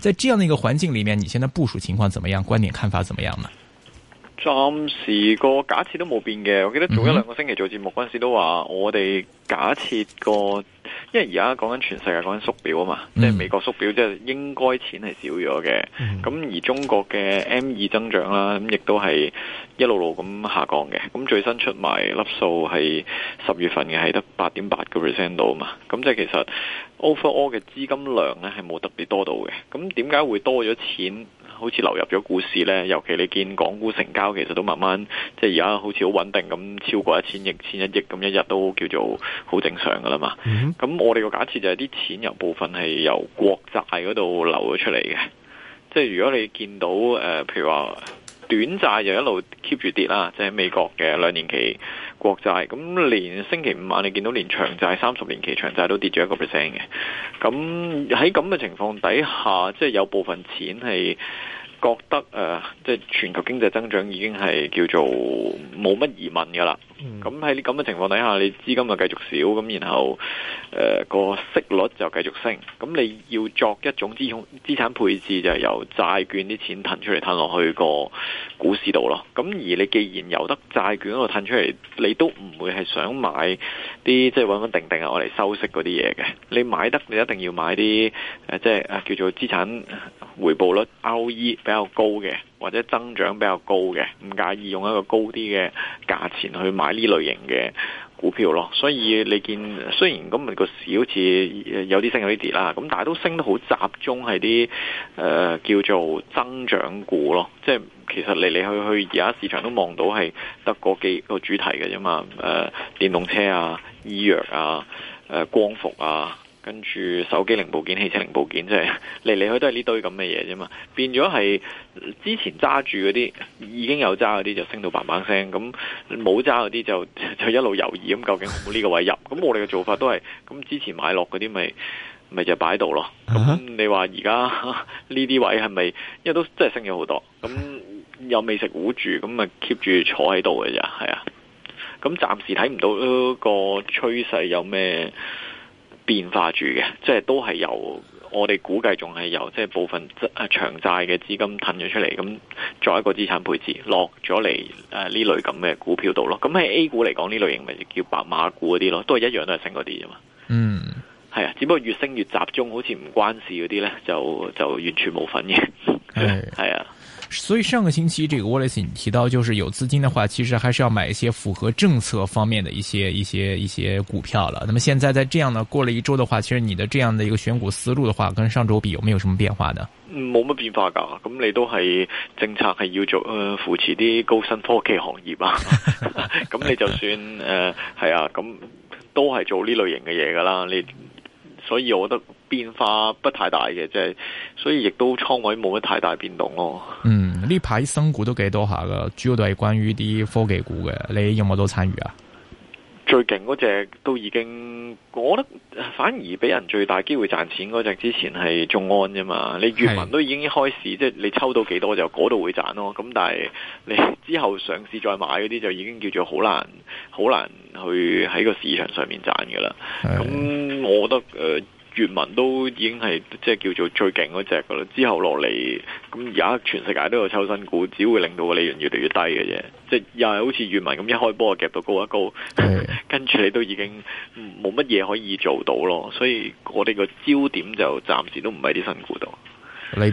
在這樣的一個環境裏面，你現在部署情況怎麼樣？觀點看法怎麼樣呢？暫時個假設都冇變嘅。我記得早一兩個星期做節目，嗰陣時都話我哋假設個。因為而家講緊全世界講緊縮表啊嘛，即係美國縮表，即係應該錢係少咗嘅。咁、嗯、而中國嘅 M 二增長啦，咁亦都係一路路咁下降嘅。咁最新出埋粒數係十月份嘅係得八點八個 percent 到啊嘛。咁即係其實 overall 嘅資金量咧係冇特別多到嘅。咁點解會多咗錢？好似流入咗股市呢，尤其你見港股成交，其實都慢慢即係而家好似好穩定咁，超過一千億千一億咁一日都叫做好正常噶啦嘛。咁、Mm-hmm. 我哋個假設就係啲錢有部分係由國債嗰度流咗出嚟嘅，即係如果你見到誒、呃、譬如話。短債就一路 keep 住跌啦，即係美國嘅兩年期國債，咁連星期五晚你見到連長債三十年期長債都跌咗一個 percent 嘅，咁喺咁嘅情況底下，即係有部分錢係覺得誒，即係全球經濟增長已經係叫做冇乜疑問㗎啦。咁喺呢咁嘅情況底下，你資金就繼續少咁，然後誒、呃那個息率就繼續升。咁你要作一種資產資產配置，就係、由債券啲錢褪出嚟褪落去個股市度咯。咁而你既然由得債券嗰度褪出嚟，你都唔會係想買啲即係穩穩定定啊，我嚟收息嗰啲嘢嘅。你買得你一定要買啲誒即係啊叫做資產回報率 ROE 比較高嘅，或者增長比較高嘅，唔介意用一個高啲嘅價錢去買。呢類型嘅股票咯，所以你見雖然咁咪個市好似有啲升有啲跌啦，咁但係都升得好集中係啲誒叫做增長股咯，即係其實嚟嚟去去而家市場都望到係得個幾個主題嘅啫嘛，誒、呃、電動車啊、醫藥啊、誒、呃、光伏啊。跟住手機零部件、汽車零部件，即係嚟嚟去都係呢堆咁嘅嘢啫嘛。變咗係之前揸住嗰啲已經有揸嗰啲就升到嘭嘭聲，咁冇揸嗰啲就就一路猶豫，咁究竟好冇呢個位入？咁我哋嘅做法都係，咁之前買落嗰啲咪咪就擺度咯。咁你話而家呢啲位係咪？因為都真係升咗好多，咁又未食糊住，咁咪 keep 住坐喺度嘅啫。係啊，咁暫時睇唔到個趨勢有咩？變化住嘅，即係都係由我哋估計還，仲係由即係部分長債嘅資金騰咗出嚟，咁作一個資產配置落咗嚟誒呢類咁嘅股票度咯。咁喺 A 股嚟講，呢類型咪叫白馬股嗰啲咯，都係一樣都係升嗰啲啫嘛。嗯，係啊，只不過越升越集中，好似唔關事嗰啲咧，就就完全冇份嘅。係、嗯、 啊。所以上個星期這個 Wallace 你提到，就是有資金的話，其實還是要買一些符合政策方面的一些、一些、一些股票了。那麼現在在這樣呢，過了一周的話，其實你的這樣的一個選股思路的話，跟上周比有沒有什麼變化呢？冇乜變化噶，咁你都係政策係要做，誒、呃、扶持啲高新科技行業啊，咁 你就算誒係、呃、啊，咁都係做呢類型嘅嘢噶啦你。所以我覺得變化不太大嘅，即係所以亦都倉位冇乜太大變動咯。嗯，呢排新股都幾多下㗎，主要都係關於啲科技股嘅，你有冇多參與啊？最勁嗰隻都已經，我覺得反而俾人最大機會賺錢嗰隻，之前係眾安啫嘛。你越文都已經開始，即係你抽到幾多就嗰度會賺咯。咁但係你之後上市再買嗰啲，就已經叫做好難，好難去喺個市場上面賺噶啦。咁我覺得、呃粵文都已經係即係叫做最勁嗰隻噶啦，之後落嚟咁而家全世界都有抽新股，只會令到個利潤越嚟越低嘅啫。即係又係好似粵文咁一開波就夾到高一高，跟住你都已經冇乜嘢可以做到咯。所以我哋個焦點就暫時都唔喺啲新股度。你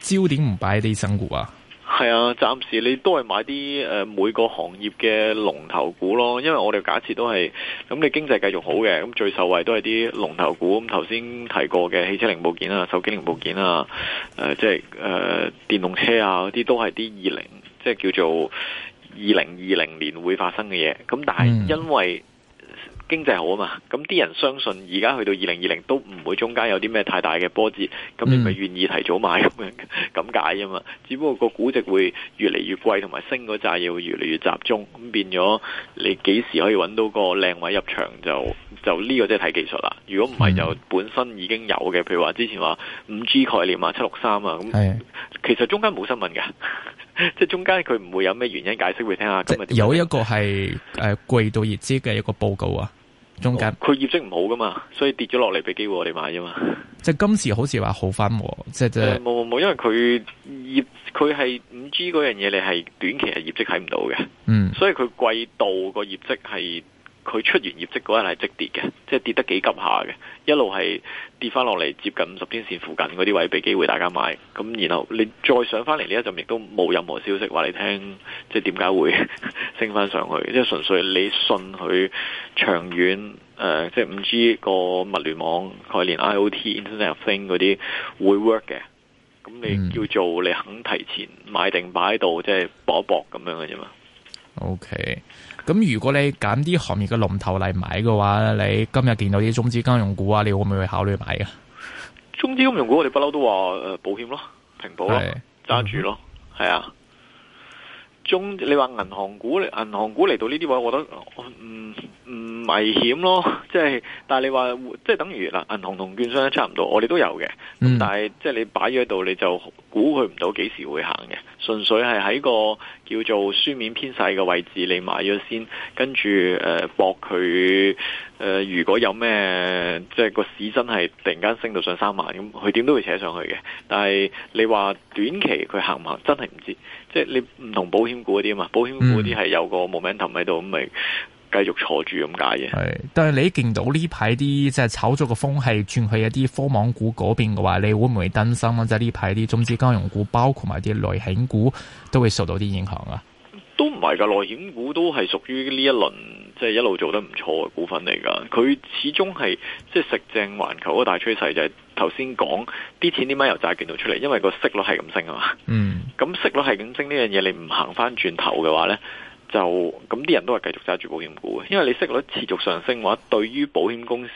焦點唔擺啲新股啊？係啊，暫時你都係買啲誒、呃、每個行業嘅龍頭股咯，因為我哋假設都係咁，你經濟繼續好嘅，咁最受惠都係啲龍頭股。咁頭先提過嘅汽車零部件啊、手機零部件啊、誒即係誒電動車啊嗰啲都係啲二零，即係叫做二零二零年會發生嘅嘢。咁但係因為經濟好啊嘛，咁啲人相信而家去到二零二零都唔會中間有啲咩太大嘅波折，咁你咪願意提早買咁，嗯、 樣咁解啊嘛？只不過個估值，會越嚟越貴，同埋升嗰扎嘢會越嚟越集中，咁變咗你幾時可以揾到個靚位入場就就呢個即係睇技術啦。如果唔係就本身已經有嘅，譬如話之前話五 G 概念啊、七六三啊，咁其實中間冇新聞㗎。 即係中間佢唔會有咩原因解釋會聽下。今日、就是、有一個係誒、呃、貴到熱資嘅一個報告啊。中間佢、哦、業績唔好噶嘛，所以跌咗落嚟俾機會我哋買啫嘛。即係今時好似話好翻，即係即係冇冇冇，因為佢業佢係五 G 嗰樣嘢，你係短期係業績睇唔到嘅。嗯，所以佢季度個業績係。佢出完業績嗰日係即跌嘅，即係跌得幾急下嘅，一路係跌翻落嚟接近五十天線附近嗰啲位俾機會大家買，咁然後你再上翻嚟呢一陣亦都冇任何消息話你聽，即係點解會呵呵升翻上去？即係純粹你信佢長遠誒、呃，即係五 G 個物聯網概念 IOT、IOT、Internet of Thing 嗰啲會 work 嘅，咁你叫做你肯提前買定擺喺度，即係搏一搏咁樣嘅啫嘛。OK。咁如果你揀啲行業嘅龍頭嚟買嘅話，你今日見到啲中資金融股啊，你會唔會考慮買啊？中資金融股我哋不嬲都話，誒，保險咯，平保咯，揸住咯，係、嗯、啊。中你話銀行股，銀行股嚟到呢啲位，我覺得，嗯。唔危險咯，即係但係你話即係等於嗱，銀行同券商都差唔多，我哋都有嘅、嗯。但係即係你擺咗喺度，你就估佢唔到幾時會行嘅，純粹係喺個叫做書面偏細嘅位置你買咗先，跟住誒搏佢誒、呃、如果有咩即係個市真係突然間升到上三萬，咁佢點都會扯上去嘅。但係你話短期佢行唔行真係唔知，即係你唔同保險股啲啊嘛，保險股啲係有個 momentum 喺度咁咪。繼續坐住咁解嘅。係。但係你見到呢排啲即係炒作嘅風氣轉去一啲科網股嗰邊嘅話，你會唔會擔心啊？即係呢排啲中資金融股，包括埋啲內險股，都會受到啲影響啊？都唔係噶，內險股都係屬於呢一輪即係一路做得唔錯嘅股份嚟噶。佢始終係即係食正環球個大趨勢，就係頭先講啲錢點解由債券到出嚟，因為個息率係咁升啊嘛。嗯，咁息率係咁升呢樣嘢，你唔行翻轉頭嘅話咧？就咁啲人都係繼續揸住保險股嘅，因為你息率持續上升嘅話，對於保險公司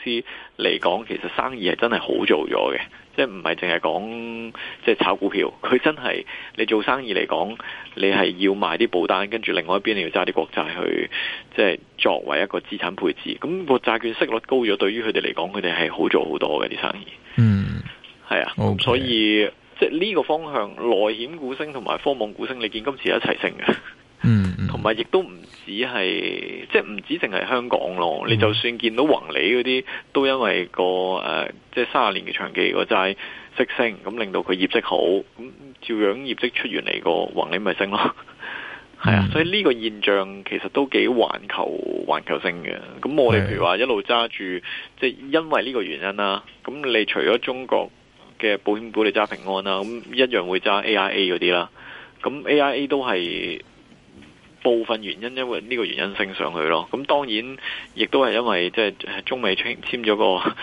嚟講，其實生意係真係好做咗嘅，即係唔係淨係講即係炒股票，佢真係你做生意嚟講，你係要賣啲保單，跟住另外一邊你要揸啲國債去，即係作為一個資產配置。咁個債券息率高咗，對於佢哋嚟講，佢哋係好做好多嘅啲生意。嗯，係啊，okay. 所以即係呢個方向內險股升同埋科網股升，你見今次一齊升嘅。嗯。同埋亦都唔止係，即係唔止淨係香港咯、嗯。你就算見到宏利嗰啲，都因為、那個、呃、即係三十年嘅長期個債息升，咁令到佢業績好，咁照樣業績出完嚟個宏利咪升咯。係、嗯、啊，所以呢個現象其實都幾環球環球性嘅。咁我哋譬如話一路揸住，即係、就是、因為呢個原因啦。咁你除咗中國嘅保險股，你揸平安啦，咁一樣會揸 AIA 嗰啲啦。咁 AIA 都係。部分原因，因為呢個原因升上去咯。咁當然，亦都係因為即係中美簽咗個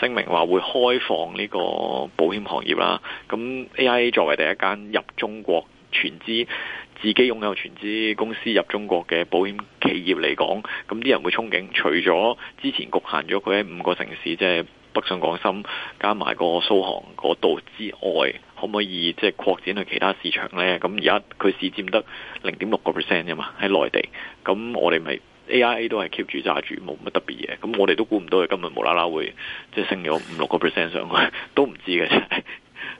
聲明，話會開放呢個保險行業啦。咁 AIA 作為第一間入中國全資自己擁有全資公司入中國嘅保險企業嚟講，咁啲人會憧憬。除咗之前局限咗佢喺五個城市，即係。北上港深加埋個蘇杭嗰度之外，可唔可以即係擴展去其他市場呢？咁而家佢市佔得零點六個 percent 啫嘛，喺內地。咁我哋咪 AIA 都係 keep 住揸住，冇乜特別嘢。咁我哋都估唔到佢今日無啦啦會即係升咗五六個 percent 上去，都唔知嘅係，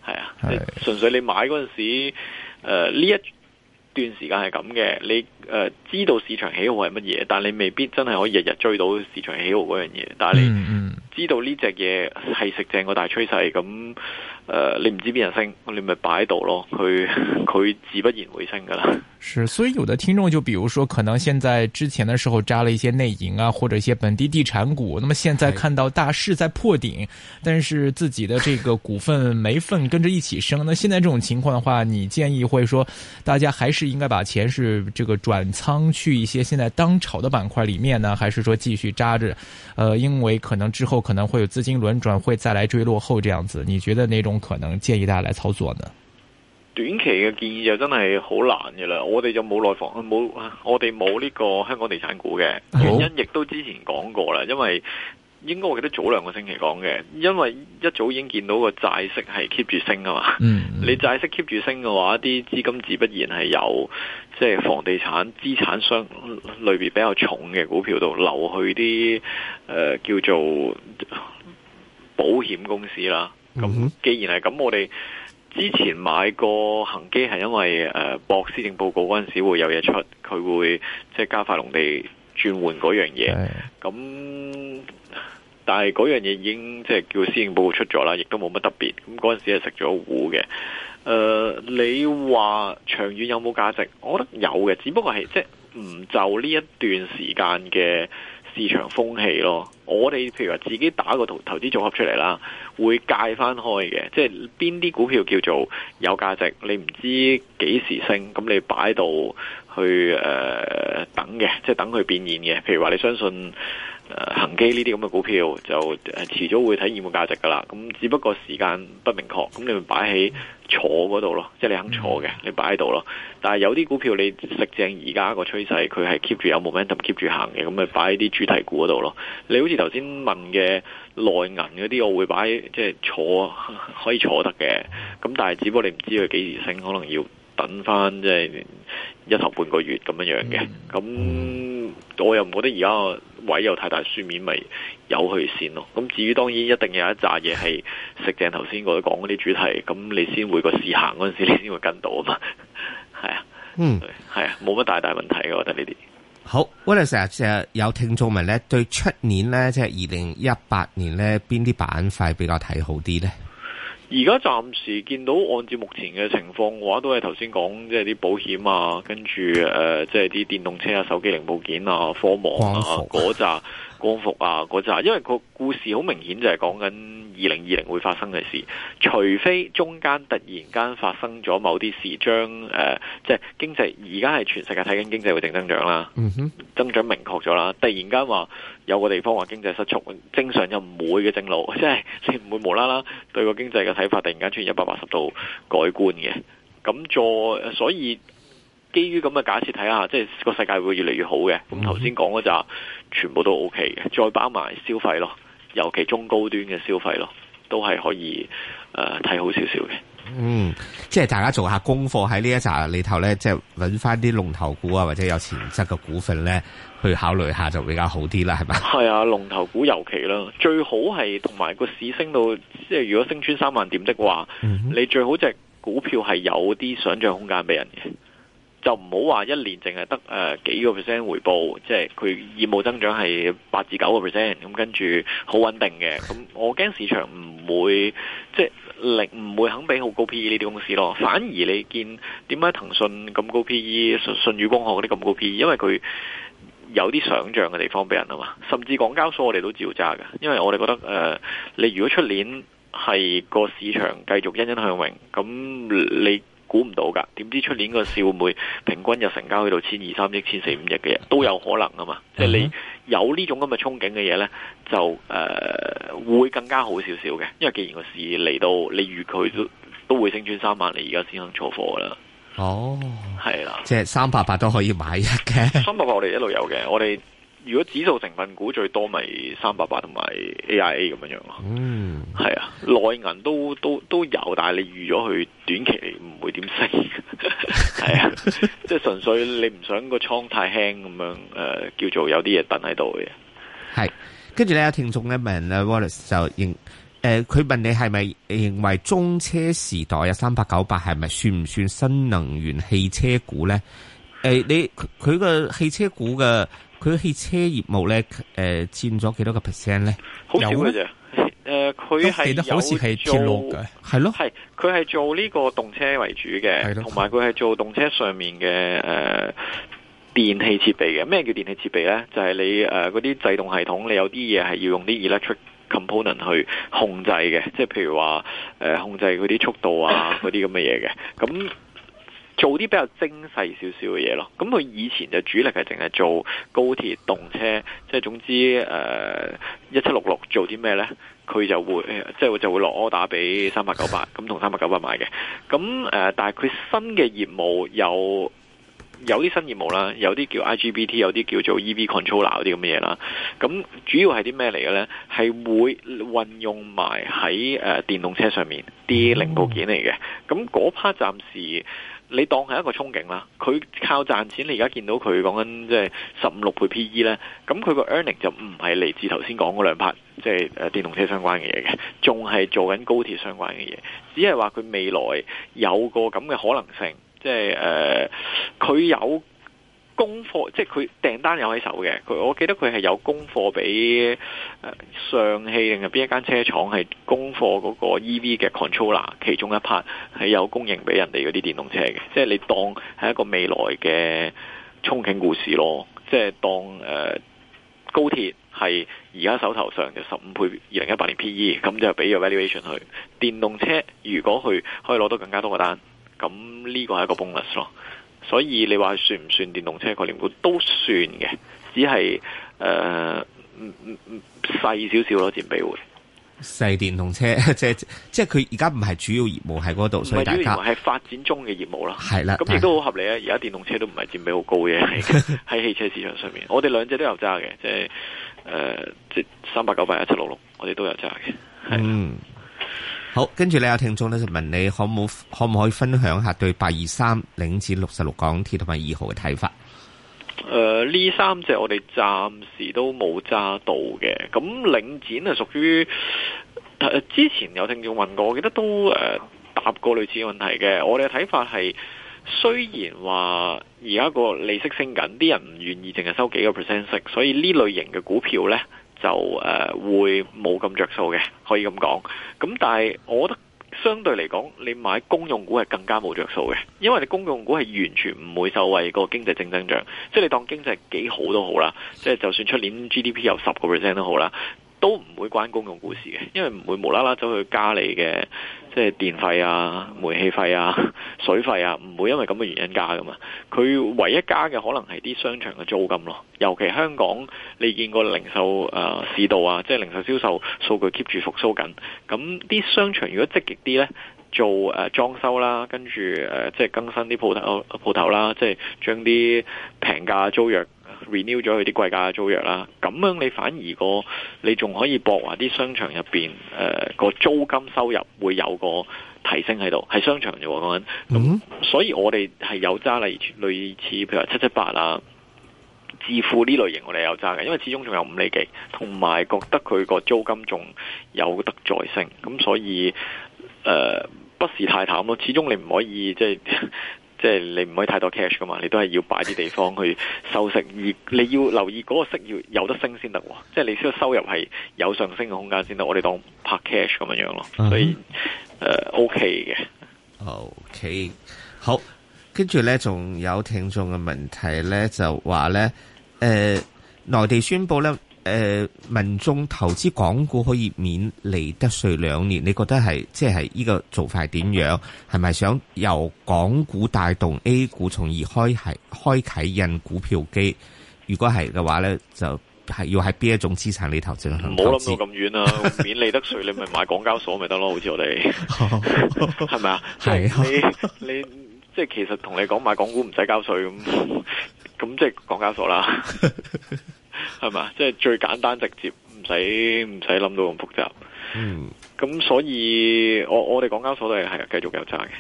係啊，純粹你買嗰陣時，呢、呃、一段時間係咁嘅。你誒、呃、知道市場喜好係乜嘢，但係你未必真係可以日日追到市場喜好嗰樣嘢。但係你，嗯嗯知道呢隻嘢係食正個大趨勢咁，呃，你唔知邊人升，你咪擺喺度咯。佢佢自不然會升噶啦。是，所以有的聽眾就，比如說可能現在之前的時候揸了一些內銀啊，或者一些本地地產股，那麼現在看到大市在破頂，但是自己的這個股份沒份跟着一起升，那現在這種情況的話，你建議會說大家還是應該把錢是這個轉倉去一些現在當炒的板塊裏面呢，還是說繼續揸着？呃，因為可能之後。可能會有資金輪轉，會再來追落後這樣子，你覺得哪種可能建議大家來操作呢？短期嘅建議就真係好難嘅啦，我哋就冇內房，冇我哋冇呢個香港地產股嘅原因，亦都之前講過啦，因為。應該我記得早兩個星期講嘅，因為一早已經見到個債息係 keep 住升㗎嘛。Mm -hmm. 你債息 keep 住升嘅話，啲資金自不然係由即係房地產資產商類別比較重嘅股票度流去啲誒、呃、叫做保險公司啦。咁、mm -hmm. 既然係咁，我哋之前買過恒基係因為誒、呃、博施政報告嗰陣時會有嘢出，佢會即係加快農地。轉換嗰樣嘢，咁但係嗰樣嘢已經即係叫施政報告出咗啦，亦都冇乜特別。咁嗰陣時係食咗糊嘅。誒，你話長遠有冇價值？我覺得有嘅，只不過係即係唔就呢一段時間嘅市場風氣咯。我哋譬如話自己打個投投資組合出嚟啦，會界翻開嘅，即係邊啲股票叫做有價值？你唔知幾時升，咁你擺喺度。去誒、呃、等嘅，即係等佢變現嘅。譬如話，你相信恒基呢啲咁嘅股票，就、呃、遲早會體現嘅價值㗎啦。咁只不過時間不明確，咁你咪擺喺坐嗰度咯。即係你肯坐嘅，你擺喺度咯。但係有啲股票你食正而家個趨勢，佢係 keep 住有 momentum keep 住行嘅，咁咪擺喺啲主題股嗰度咯。你好似頭先問嘅內銀嗰啲，我會擺即係坐 可以坐得嘅。咁但係只不過你唔知佢幾時升，可能要。搵翻即係一頭半個月咁樣樣嘅，咁、嗯、我又唔覺得而家個位有太大書面，咪有去先咯。咁至於當然一定有一紮嘢係食正頭先我講嗰啲主題，咁你先會個試行嗰陣時你先會跟到啊嘛。係 啊，嗯，係啊，冇乜大大問題嘅，我覺得呢啲好。我哋成日成日有聽眾問咧，對出年咧，即係二零一八年咧，邊啲板塊比較睇好啲咧？而家暫時見到，按照目前嘅情況嘅話，都係頭先講，即係啲保險啊，跟住誒、呃，即係啲電動車啊、手機零部件啊、科網啊嗰扎。光伏啊嗰扎，因為個故事好明顯就係講緊二零二零會發生嘅事，除非中間突然間發生咗某啲事，將誒、呃、即係經濟而家係全世界睇緊經濟會正增長啦，增長明確咗啦，突然間話有個地方話經濟失速，正常又唔會嘅正路，即係你唔會無啦啦對個經濟嘅睇法突然間出現一百八十度改觀嘅，咁再所以。基於咁嘅假設睇下，即係個世界會越嚟越好嘅。咁頭先講嗰扎全部都 O K 嘅，再包埋消費咯，尤其中高端嘅消費咯，都係可以誒睇、呃、好少少嘅。嗯，即係大家做下功課喺呢一紮裏頭呢，即係揾翻啲龍頭股啊，或者有潛質嘅股份呢，去考慮下就比較好啲啦，係咪？係啊，龍頭股尤其啦，最好係同埋個市升到，即係如果升穿三萬點的話，嗯、你最好隻股票係有啲想象空間俾人嘅。就唔好話一年淨係得幾個 percent 回報，即係佢業務增長係八至九個 percent，咁跟住好穩定嘅。咁我驚市場唔會即係力唔會肯俾好高 PE 呢啲公司咯，反而你見點解騰訊咁高 PE、舜宇光學嗰啲咁高 PE？因為佢有啲想像嘅地方俾人啊嘛，甚至港交所我哋都照揸㗎。因為我哋覺得、呃、你如果出年係個市場繼續欣欣向榮，咁你。估唔到噶，點知出年個少妹平均日成交去到千二三億日，千四五億嘅嘢都有可能啊嘛！即、嗯、係、就是、你有呢種咁嘅憧憬嘅嘢呢，就誒、呃、會更加好少少嘅。因為既然個市嚟到，你預佢都都會升穿三萬，你而家先肯錯貨啦。哦，係啦，即係三八八都可以買嘅。三八八我哋一路有嘅，我哋。如果指數成分股最多咪三百八同埋 AIA 咁樣咯，嗯，係啊，內銀都都都有，但係你預咗佢短期唔會點升，係、嗯、 是啊，即 係純粹你唔想個倉太輕咁樣、呃，叫做有啲嘢等喺度嘅。係，跟住咧有聽眾咧問阿 Wallace 就認，佢、呃、問你係咪認為中車時代有三百九八係咪算唔算新能源汽車股咧、呃？你佢佢個汽車股嘅。佢汽車業務咧，誒、呃、佔咗幾多個 percent 咧？好少嘅啫。誒，佢係好似係鐵路係咯，係。佢係做呢個動車為主嘅，同埋佢係做動車上面嘅誒、呃、電氣設備嘅。咩叫電氣設備咧？就係、是、你誒嗰啲制動系統，你有啲嘢係要用啲 electric component 去控制嘅，即係譬如話、呃、控制嗰啲速度啊嗰啲咁嘅嘢嘅。咁 做啲比較精細少少嘅嘢咯，咁佢以前就主力係淨係做高鐵動車，即係總之誒一七六六做啲咩呢？佢就會即係就會落 order 打俾三八九八，咁同三八九八買嘅。咁、呃、但係佢新嘅業務有有啲新業務啦，有啲叫 IGBT，有啲叫做 EV controller 嗰啲咁嘅嘢啦。咁、嗯、主要係啲咩嚟嘅呢？係會運用埋喺、呃、電動車上面啲零部件嚟嘅。咁嗰 part 暫時。你當係一個憧憬啦，佢靠賺錢。你而家見到佢講緊即係十五六倍 P/E 呢。咁佢個 earning 就唔係嚟自頭先講嗰兩 part，即係電動車相關嘅嘢嘅，仲係做緊高鐵相關嘅嘢。只係話佢未來有個咁嘅可能性，即係誒佢有。供貨即係佢訂單有喺手嘅，佢我記得佢係有供貨俾上汽定係邊一間車廠，係供貨嗰個 E V 嘅 controller 其中一 part 係有供應俾人哋嗰啲電動車嘅，即係你當係一個未來嘅憧憬故事咯，即係當高鐵係而家手頭上嘅十五倍二零一八年 P E，咁就俾個 valuation 去電動車，如果佢可以攞到更加多個單，咁呢個係一個 bonus 咯。所以你話算唔算電動車概念股都算嘅，只係誒，細少少咯，佔比會細電動車，即係即係佢而家唔係主要業務喺嗰度，唔係主要業務係發展中嘅業務咯，係啦，咁亦都好合理啊！而家電動車都唔係佔比好高嘅，喺汽車市場上面， 我哋兩隻都有揸嘅，即係誒、呃，即三百九八一七六六，我哋都有揸嘅，係。嗯好，跟住你有聽眾咧就問你可可唔可以分享下對八二、呃、三領展六十六港鐵同埋二號嘅睇法？誒，呢三隻我哋暫時都冇揸到嘅。咁領展係屬於之前有聽眾問過，我記得都誒、呃、答過類似問題嘅。我哋嘅睇法係，雖然話而家個利息升緊，啲人唔願意淨係收幾個 percent 息，所以呢類型嘅股票呢。就誒會冇咁着數嘅，可以咁講。咁但係，我覺得相對嚟講，你買公用股係更加冇着數嘅，因為你公用股係完全唔會受惠個經濟正增長。即係你當經濟幾好都好啦，即係就算出年 GDP 有十個 percent 都好啦。都唔會關公用股事嘅，因為唔會無啦啦走去加你嘅即係電費啊、煤氣費啊、水費啊，唔會因為咁嘅原因加㗎嘛。佢唯一加嘅可能係啲商場嘅租金咯，尤其香港你見過零售市道啊，即係零售銷售數據 keep 住復甦緊。咁啲商場如果積極啲呢，做、呃、裝修啦，跟住、呃、即係更新啲鋪頭鋪頭啦，即係將啲平價租約。renew 咗佢啲貴價租約啦，咁樣你反而個你仲可以博話啲商場入面，誒個租金收入會有個提升喺度，係商場啫喎講緊。咁所以我哋係有揸類類似，譬如話七七八啊、置富呢類型，我哋有揸嘅，因為始終仲有五厘幾，同埋覺得佢個租金仲有得再升，咁所以誒、呃、不是太淡咯。始終你唔可以即係。即係你唔可以太多 cash 噶嘛，你都係要擺啲地方去收息，而你要留意嗰個息要有得升先得，即係你需要收入係有上升嘅空間先得，我哋當拍 cash 咁樣樣咯，所以誒、Uh-huh. 呃、OK 嘅，OK 好，跟住咧，仲有聽眾嘅問題咧就話咧，誒、呃、內地宣布咧。誒、呃，民眾投資港股可以免利得稅兩年，你覺得係即係呢個做法點樣？係咪想由港股帶動 A 股，從而開係開啟印股票機？如果係嘅話呢，就係要喺邊一種資產嚟投資？唔好諗到咁遠啊，免利得稅 你咪買港交所咪得咯？好似我哋係咪啊？ 係你你即係其實同你講買港股唔使交稅咁，咁即係港交所啦。 係嘛，即係最簡單直接，唔使唔使諗到咁複雜。嗯，咁所以我我哋港交所都係係啊，繼續有揸嘅，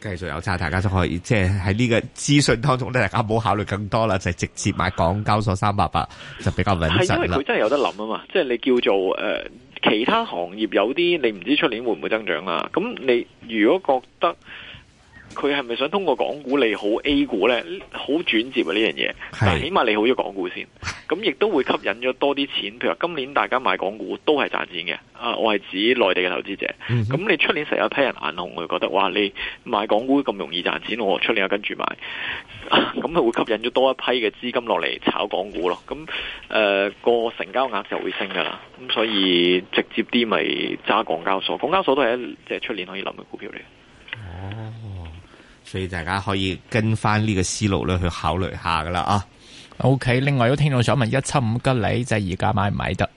繼續有揸。大家都可以即係喺呢個資訊當中咧，大家唔好考慮更多啦，就直接買港交所三百八就比較穩陣啦。因為佢真係有得諗啊嘛，即係你叫做誒、呃，其他行業有啲你唔知出年會唔會增長啦。咁你如果覺得，佢係咪想通過港股利好 A 股呢？好轉接啊呢樣嘢，但起碼利好咗港股先，咁亦都會吸引咗多啲錢。譬如今年大家買港股都係賺錢嘅，啊，我係指內地嘅投資者。咁你出年成一批人眼紅，佢覺得哇，你買港股咁容易賺錢，我出年又跟住買，咁佢會吸引咗多一批嘅資金落嚟炒港股咯。咁誒，個、呃、成交額就會升噶啦。咁所以直接啲咪揸港交所，港交所都係一隻出年可以諗嘅股票嚟。所以大家可以跟翻呢個思路咧去考慮下噶啦啊。OK，另外有聽眾想問：一七五吉利，即係而家買唔買得？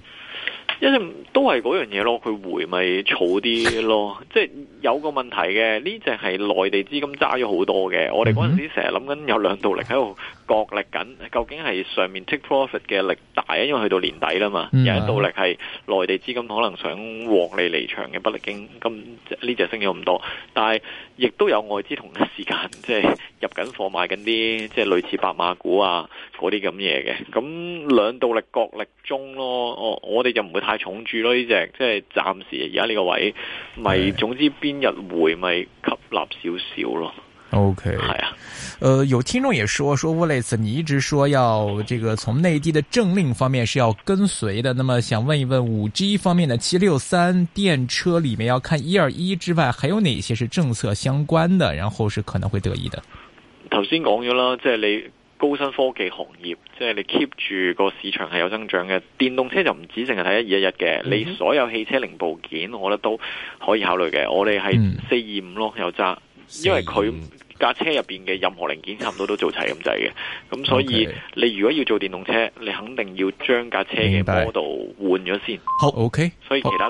因為，都係嗰樣嘢咯，佢回咪儲啲咯，即係有個問題嘅。呢隻係內地資金揸咗好多嘅，我哋嗰陣時成日諗緊有兩道力喺度角力緊，究竟係上面 take profit 嘅力大啊？因為去到年底啦嘛，嗯、有一道力係內地資金可能想獲利離場嘅，不力經，經咁呢隻升咗咁多，但係亦都有外資同一時間即係入緊貨買緊啲即係類似白馬股啊嗰啲咁嘢，嘅，咁兩道力角力中咯，哦、我我哋就唔會太重注咯。所以只即係暫時而家呢個位，咪總之邊日回咪吸納少少咯。OK，係啊，誒、呃，有聽眾也說說 Wallace，你一直說要這個從內地的政令方面是要跟隨的，那麼想問一問五 G 方面的七六三電車裡面要看一二一之外，還有哪些是政策相關的，然後是可能會得益的？頭先講咗啦，即係你。高新科技行業，即係你 keep 住個市場係有增長嘅。電動車就唔止淨係睇一二一一嘅，mm -hmm. 你所有汽車零部件，我覺得都可以考慮嘅。我哋係四二五咯，有、mm、揸 -hmm.，因為佢架車入邊嘅任何零件差唔多都做齊咁滯嘅。咁 所以你如果要做電動車，你肯定要將架車嘅 model 換咗先。好 OK，所以其他。